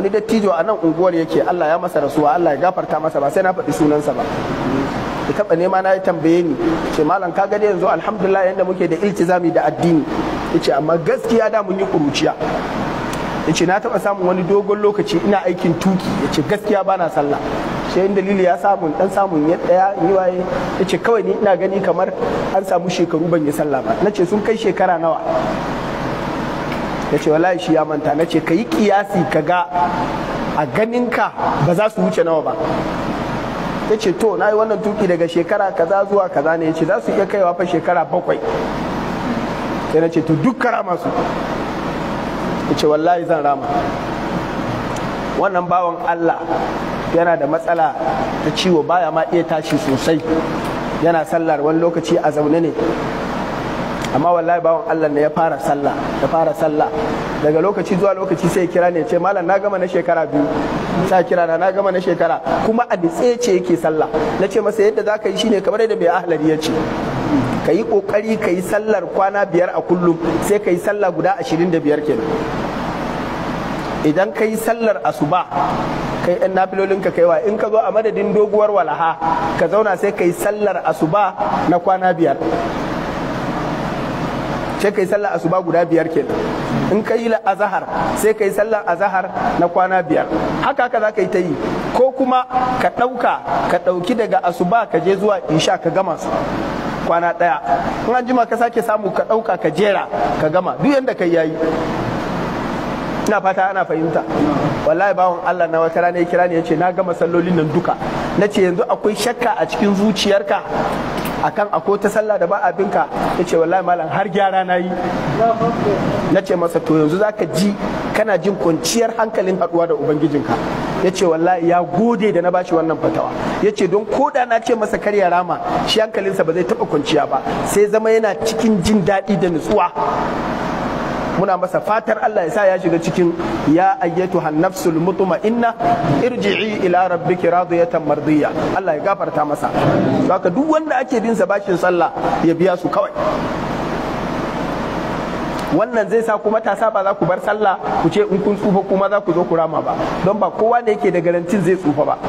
wani dattijo a nan unguwar yake Allah ya masa rasuwa Allah ya gafarta masa ba sai na faɗi sunansa ba Ka taɓa nema na yi tambaye ni ce malam ka gani yanzu alhamdulillah yadda muke da iltizami da addini yace amma gaskiya da mun yi kuruciya yace na taɓa samun wani dogon lokaci ina aikin tuki yace gaskiya bana sallah shi in dalili ya samu dan samun ya ɗaya ni waye yace kawai ni ina gani kamar an samu shekaru ban yi sallah ba Na ce sun kai shekara nawa ya ce wallahi shi ya manta na ce ka yi kiyasi ka ga a ganinka ba za su wuce nawa ba ta ce to na yi wannan tuki daga shekara kaza zuwa kaza ne ya ce za su iya kaiwa fa shekara bakwai sai na ce to duk kara masu ya ce wallahi zan rama wannan bawan allah yana da matsala ta ciwo baya ma iya tashi sosai yana sallar wani lokaci a zaune ne amma wallahi bawan Allah ne ya fara sallah ya fara sallah daga lokaci zuwa lokaci sai kira ne ce malam na gama na shekara biyu sa kira na gama na shekara kuma a ce yake sallah na ce masa yadda za ka yi shine kamar yadda mai ahlari ya ce ka yi kokari ka yi sallar kwana biyar a kullum sai ka yi sallah guda ashirin da biyar kenan idan ka yi sallar asuba kai yan nafilolin ka kaiwa in ka zo a madadin doguwar walaha ka zauna sai ka yi sallar asuba na kwana biyar sai kai sallar asuba guda biyar kenan in ka yi azahar sai kai sallar azahar na kwana biyar haka haka za ka yi ta yi ko kuma ka ɗauka ka ɗauki daga asuba ka je zuwa insha ka gama su kwana ɗaya in an jima ka sake samu ka ɗauka ka jera ka gama duk yadda ka yayi ina fata ana fahimta wallahi bawon Allah na wata rana ya kira ni ya ce na gama sallolin nan duka na ce yanzu akwai shakka a cikin zuciyarka akan ako ta sallah da ba abinka ya ce wallahi malam har gyara na yi na ce masa to yanzu zaka ji kana jin kwanciyar hankalin haɗuwa da ubangijinka ya ce wallahi ya gode da na bashi wannan fatawa ya ce don da na ce masa karya rama shi hankalinsa ba zai taɓa kwanciya ba sai zama yana cikin jin daɗi da nutsuwa muna masa fatar Allah ya sa ya shiga cikin ya ayyatuhan nafsul mutma'inna irji'i ila rabbiki radiyatan mardiya Allah ya gafarta masa haka duk wanda ake bin sa bakin sallah ya biya su kawai wannan zai sa ku matasa ba za ku bar sallah ku ce in kun tsufa kuma za ku zo ku rama ba don ba kowa ne yake da garantin zai tsufa ba